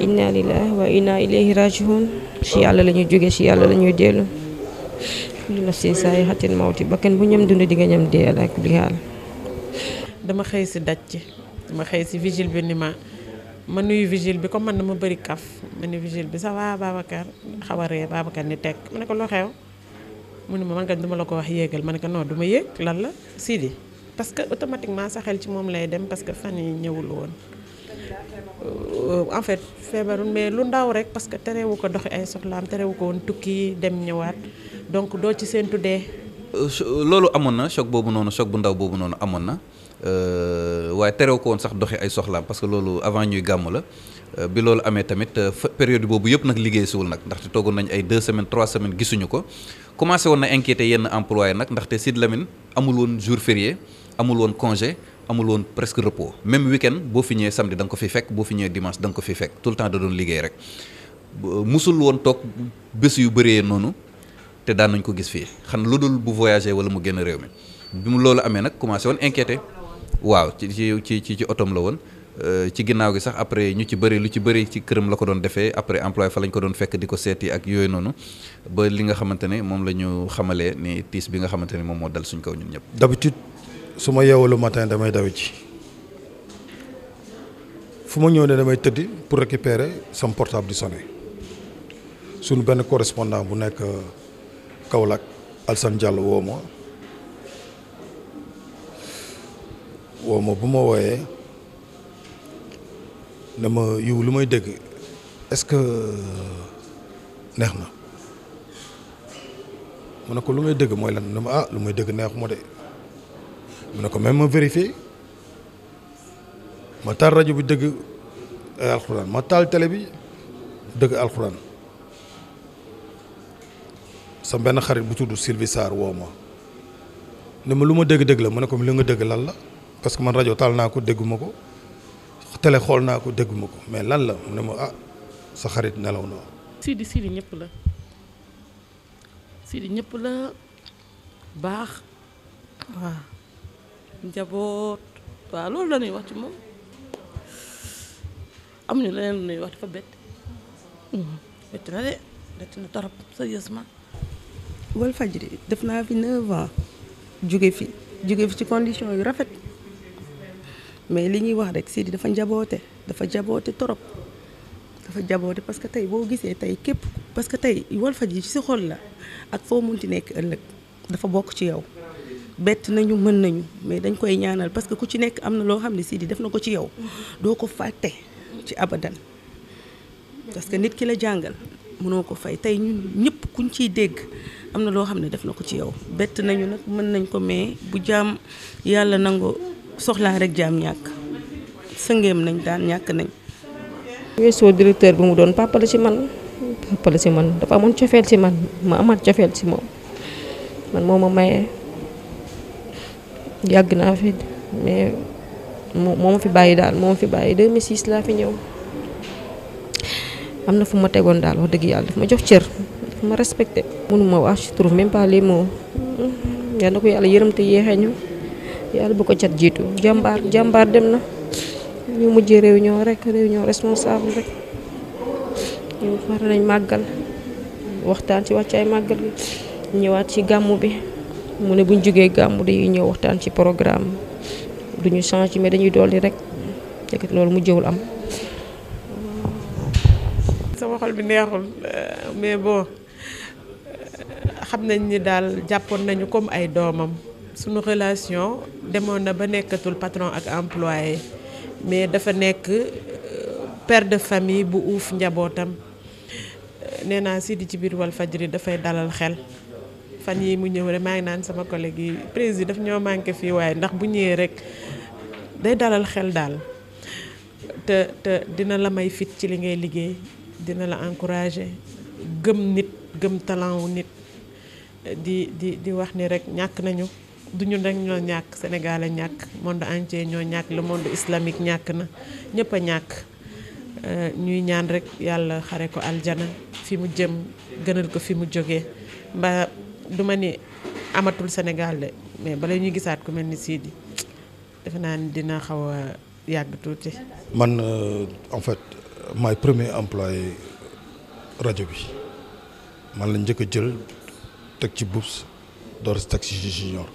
inna lillahi wa inna ilayhi rajiun ci yàlla la jóge ci yàlla la ñuy dellu ñu la si saa yi xatin mawti bakkan bu ñam dund di nga ñam dee ak li xaal dama xëy si daj ci dama xëy si vigile bi ni ma ma nuyu vigile bi comme man dama bari kaf ma nuyu vigile bi ça va Babacar xaw a ree Babacar ni teg ma ne ko loo xew mu ne ma man kañ du la ko wax yéegal ma ne ko non du ma yéeg lan la Sidi parce que automatiquement sa xel ci moom lay dem parce que fan yi ñëwul woon euh, en fait feebarul mais lu ndaw rek parce que terewu ko doxi ay soxlaam terewu ko woon tukki dem ñëwaat donc doo ci seen tuddee euh, loolu amoon na choc boobu noonu choc bu ndaw boobu noonu amoon na euh, waaye terewu ko woon sax doxi ay soxlaam parce que loolu avant ñuy gàmmu la Eh, bi lolou amé tamit eh, période bobu yépp nak liggéey siwul nag ndaxte togon nañ ay 2 semaines 3 semaines gisunu ko commencé won na inquiété yenn employé ndax té Sid Lamine amul won jour férié amul won congé amul won presque repos même week-end boo fi ñëw samedi dang ko fi fekk bo fi ñëw dimanche dang ko fi fekk tout temps da doon liggéey rek musul won tok bés yu bëree nonu te daan nañ ko gis fi xan lu dul bu voyager wala mu génn réew mi bimu lolou amé nak commencé won inquiété waaw ci ci ci ci otom la won Eh, ci ginnaw gi sax après ñu ci bëri lu ci bëri ci kërëm la ko doon défé après employé fa lañ ko doon fekk diko ko ak yoy nonu ba li nga xamantene mom lañu xamalé ni tis bi nga xamantene mom mo dal suñ kaw ñun ñëpp d'habitude suma yewu lu matin damay daw ci fuma ñëw né damay pour récupérer son portable di sonné suñu ben correspondant bu nekk euh, Kaolack Alsan Diallo wo mo wo mo bu dama yiw lu may dégg est-ce que neex na mu ne ko lu may dégg mooy lan dama ah, lu may dégg neexuma de mu ne ko même ma vérifier ma taal rajo bi dëgg alxuraan ma taal télé bi dëgg alxuraan sa benn xarit bu tudd Sylvie Sarr ma ne ma lu ma dégg dëgg la mu ne ko li nga dégg lal la parce que man rajo taal naa ko dégguma ko télé xool naa ko dégguma ko mais lan la mu ne ma ah sa xarit nelaw na Sidi Sidi ñëpp la Sidi ñëpp la baax waaw njaboot waaw loolu la wax ci moom amuñu leneen lu ñuy wax dafa bett hmm. bett na de bett na torop sérieusement Walfadjri def naa fi 9 ans jóge fi jóge fi ci condition yu rafet mais li ñuy wax rek Sidi dafa njaboote dafa jaboote trop dafa jaboote parce que tey boo gisee tey képp parce que tey Walfadjri ci si xol la ak foo mun munti nekk ëllëg dafa bokk ci yow bett nañu mën nañu mais dañ koy ñaanal parce que ku ci nekk am na loo xam ne Sidi def na ko ci yow doo ko fàtte ci abadan parce que nit ki la jàngal mënoo ko fay tey ñun ñëpp kuñ ciy dégg am na loo xam ne def na ko ci yow bett nañu nag mën nañ ko mais bu jàmm yàlla nango soxlaa rek jaam ñàkk sëngeem nañ daan ñàkk nañ. weesoo directeur bi mu doon papa si man papa la ci man dafa amoon cofeel ci man ma amaat cofeel si moom man moo ma maye yàgg naa fi mais moo ma fi bàyyi daal moo ma fi bàyyi 2006 laa fi ñëw am na fu ma tegoon daal wax dëgg yàlla daf ma jox cër ma respecté mënuma wax je trouve même pas les mots yal na ko yàlla yërëm te yéexee ñu yàlla bu ko cat jiitu jàmbaar jàmbaar dem na ñu mujj ñoo rek ñoo responsable rek ñu far nañ màggal waxtaan ci wàccaay màggal gi ñëwaat ci gàmmu bi mu ne buñ jógee gàmmu dañuy ñëw waxtaan ci programme duñu change mais dañuy dolli rek fekk loolu mu jëwul am sama xol bi neexul mais bon xam nañ ni daal jàppoon nañu comme ay doomam suñu relation demoon na ba nekatul patron ak employé mais dafa nek euh, père de famille bu uuf njabootam euh, nee naa Sidi ci biir da fay dalal xel fan yi mu ñew rek ma ngi naan sama collègue yi président daf ñoo manqué fii waaye ndax bu ñewé rek day dalal xel dal te te dina la may fit ci li ngay liggéey dina la encourager gëm nit gëm talent wu nit di di di wax ni rek ñak nañu du ñu rek ñoo ñàkk Sénégal a ñàkk monde entier ñoo ñàkk la monde islamique ñàkk na ñëpp a ñàkk euh, ñuy ñaan rek yàlla xare ko aljana fi mu jëm gënal ko fi mu jóge mba du ma ni amatul senegal de mais bala ñuy gisaat ku mel ni Sidi defe naa ni dina xaw a yàgg tuuti. man euh, en fait maay premier emploi rajo bi man la njëkk a jël teg ci bourse door si taxi junior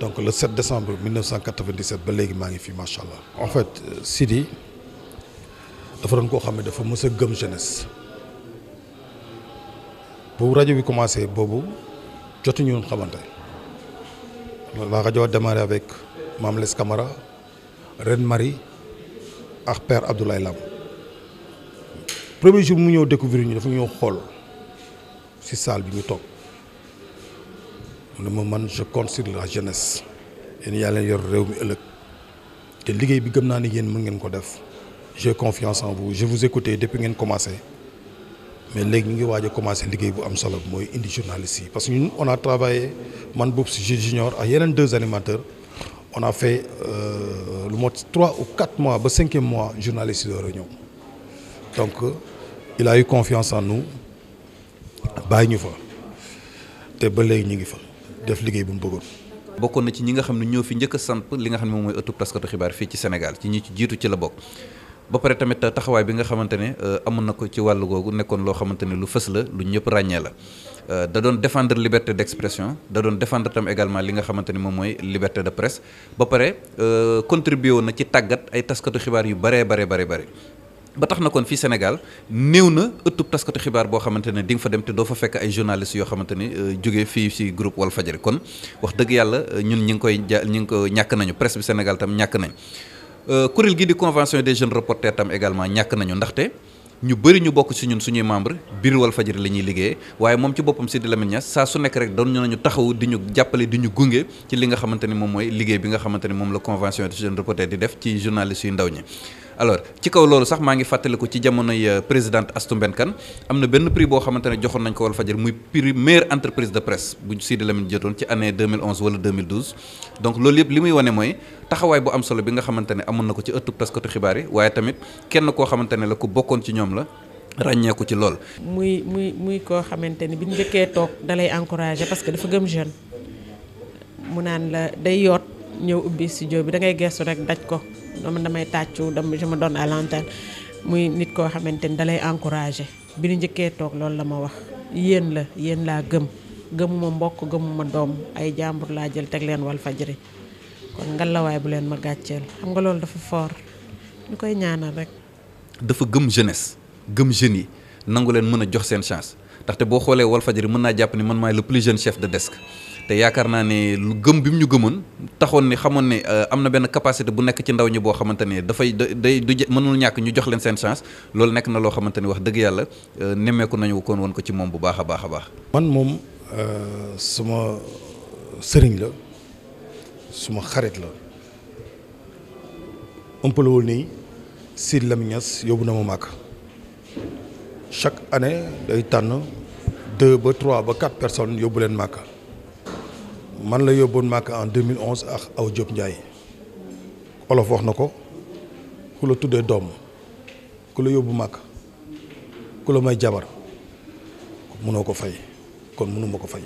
donc le 7 décembre 1997 ba léegi maa ngi fi en fait euh, Sidi dafa doon koo xam ne dafa mës a gëm jeunesse bu je bi commencé boobu jotuñu woon la radio a démarré avec Mme Les Camara Reine Marie Et Père Abdoulaye Lam premier jour mu ñëw découvrir ñu dafa ñëw xool ci salle je je considère la jeunesse. Et il y a les gens qui ont fait le travail. J'ai confiance en vous. Je vous écoute depuis que vous avez commencé. Mais les gens qui commencé le travail, ils ont journaliste. Parce qu'on a travaillé, moi, Boubs, Junior, il y deux animateurs. On a fait euh, le 3 ou 4 mois, le 5 mois, journaliste de réunion. Donc, il a eu confiance en nous. Il a eu confiance en nous. def liggéey bu mu bëggoon. bokkoon na ci ñi nga xam ne ñoo fi njëkk a samp li nga xam ne moom mooy ëttub taskatu xibaar fii ci Sénégal ci ñi ci jiitu ci la bokk. ba pare tamit taxawaay bi nga xamante ne euh, amoon na ko ci wàll googu nekkoon loo xamante ne lu fës la lu ñëpp ràññee la. Euh, da doon défendre liberté d'expression da doon défendre tam également li nga xamante ni moom mooy liberté de presse ba pare euh, contribué woon na ci tàggat ay taskatu xibaar yu baree baree baree bare ba tax na kon fii Sénégal néew na ëttub taskatu xibaar boo xamante ne di nga fa dem te doo fa fekk ay journalistes yoo xamante ni euh, jógee fii ci groupe Walfadjri kon wax dëgg yàlla euh, ñun ñi ngi koy jaa ñi ngi ko ñàkk nañu presse bi Sénégal tam ñàkk nañ euh, kuréel gi di convention des jeunes reporters tam également ñàkk nañu ndaxte ñu bëri ñu bokk si ñun suñuy membre biir Walfadjri la ñuy liggéeyee waaye moom ci boppam Sidi Lamine Niass saa su nekk rek doon nañu taxaw ñu jàppale di ñu gunge ci li nga xamante ni moom mooy liggéey bi nga xamante ni moom la convention des jeunes reporters def ci journalistes yu ndaw ñi alors ci kaw lolu sax ma ngi ko ci jamonoy euh, présidente Astou benu Kane am benn prix bo xamantene joxon nañ ko wal Fadjri muy prix meilleure entreprise de presse bu Sidi Lamine jeton ci année 2011 wala 2012 donc lolu yeb limuy wone moy taxaway bu am solo bi nga xamantene amon nako ci ko ci ëttub to xibaari waye tamit kenn ko xamantene la ko bokon ci ñom la ràññeeku ci lool. muy muy muy ko xamantene biñu bi tok dalay encourager parce que dafa gëm jeune mu nan la day ubbi studio bi da ngay rek daj ko dama damay tàccu dama je don donne à l'antenne muy nit koo xamante ni dalay encourager bi ni njëkkee toog loolu la ma wax yéen la yéen laa gëm gëmuma mbokk gëmuma doom ay jàmbur laa jël teg leen wal fajri kon ngalawaay bu leen ma gàcceel xam nga loolu dafa for ñu koy ñaanal rek dafa gëm jeunesse gëm jeune yi nangu leen mën a jox seen chance ndaxte boo xoolee wal fajri mën naa jàpp ni man maay le plus jeune chef de desk te yaakaar naa ne gëm bi mu ñu gëmoon taxoon ni xamoon ne euh, am na benn capacité bu nekk ci ndaw ñi boo xamante ne dafay day du mënul ñàkk ñu jox leen seen chance loolu nekk na loo xamante ni wax dëgg yàlla euh, nemmeeku nañu kon woon ko ci moom bu baax a baax a baax. man moom euh, suma sëriñ la suma xarit la ëmpalawul nii Sidy Lamine Niass yóbbu na ma màkk chaque année day tànn deux ba trois ba quatre personnes yóbbu leen màkk. man la yóbboon màkk en 2011 ak aw Diop njaay olof wax na ko ku la tuddee doom ku la yóbbu màkk ku la may jabar mënoo ko fay kon mënuma ko fay.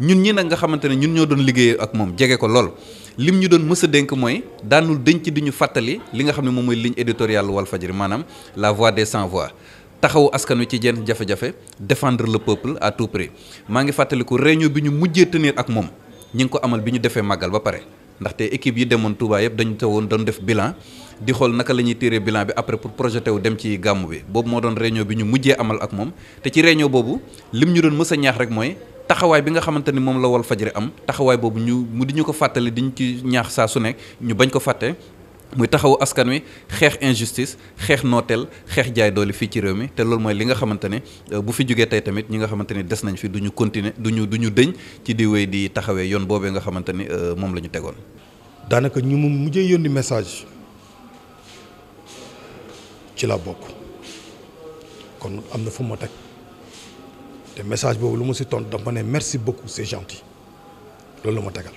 ñun ñi nag nga xamante ne ñun ñoo doon liggéeyee ak moom jege ko lool lim ñu doon mës a dénk mooy daanul denc di ñu fàttali li nga xam ne moom mooy ligne éditoriale Walfadjri maanaam la voix des sans voix taxawu askan wi ci jenn jafe-jafe défendre le peuple à tout prix maa ngi fàttaliku réunion bi ñu mujjee tenir ak moom. ñi ngi ko amal bi ñu defee màggal ba pare ndaxte équipe yi demoon Touba yëpp dañu te woon doon def bilan di xool naka la ñuy tiré bilan bi après pour projeté dem ci gàmmu bi boobu moo doon réunion bi ñu mujjee amal ak moom te ci réunion boobu lim ñu doon mës a ñaax rek mooy taxawaay bi nga xamante ni moom la Walfadjri am taxawaay boobu ñu mu di ñu ko fàttali di ci ñaax saa su nekk ñu bañ ko fàtte muy taxawu askan wi xeex injustice xeex nooteel xeex jaay doole fii ci réew mi te loolu mooy li nga xamante ne euh, bu fi jógee tey tamit ñi nga xamante ne des nañ fi duñu ñu continuer du ñu du ñu dëñ ci di wéy di taxawee yoon boobee nga xamante ni euh, moom la ñu tegoon. daanaka ñu mu mujjee yoon yónni message ci la bokk kon am na fu ma teg te message boobu lu ma si tontu dama ne merci beaucoup c'est gentil loolu la ma tegal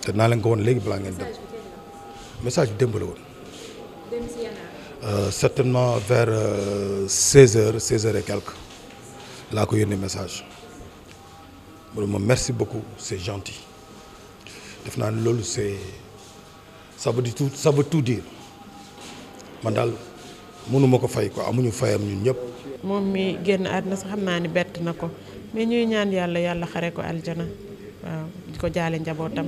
te naa leen ko woon léegi balaa ngeen dem. message bi démb euh, certainement vers 16 euh, heures 16 heures et quelques Là ko yónnee message mu ne ma merci beaucoup c'est gentil def naa c'est ça veut dire tout ça veut tout dire man daal mënu ma ko fay ko amuñu fayam ñun ñëpp. moom mi génn àdduna sax xam ni bett na ko mais ñuy ñaan yàlla yàlla xare ko aljana waaw di ko jaale njabootam.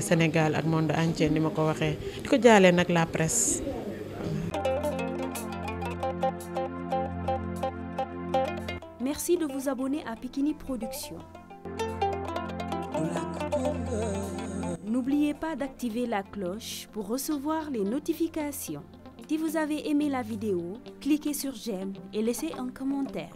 Sénégal monde entier la presse. Merci de vous abonner à Pikini Production. N'oubliez pas d'activer la cloche pour recevoir les notifications. Si vous avez aimé la vidéo, cliquez sur j'aime et laissez un commentaire.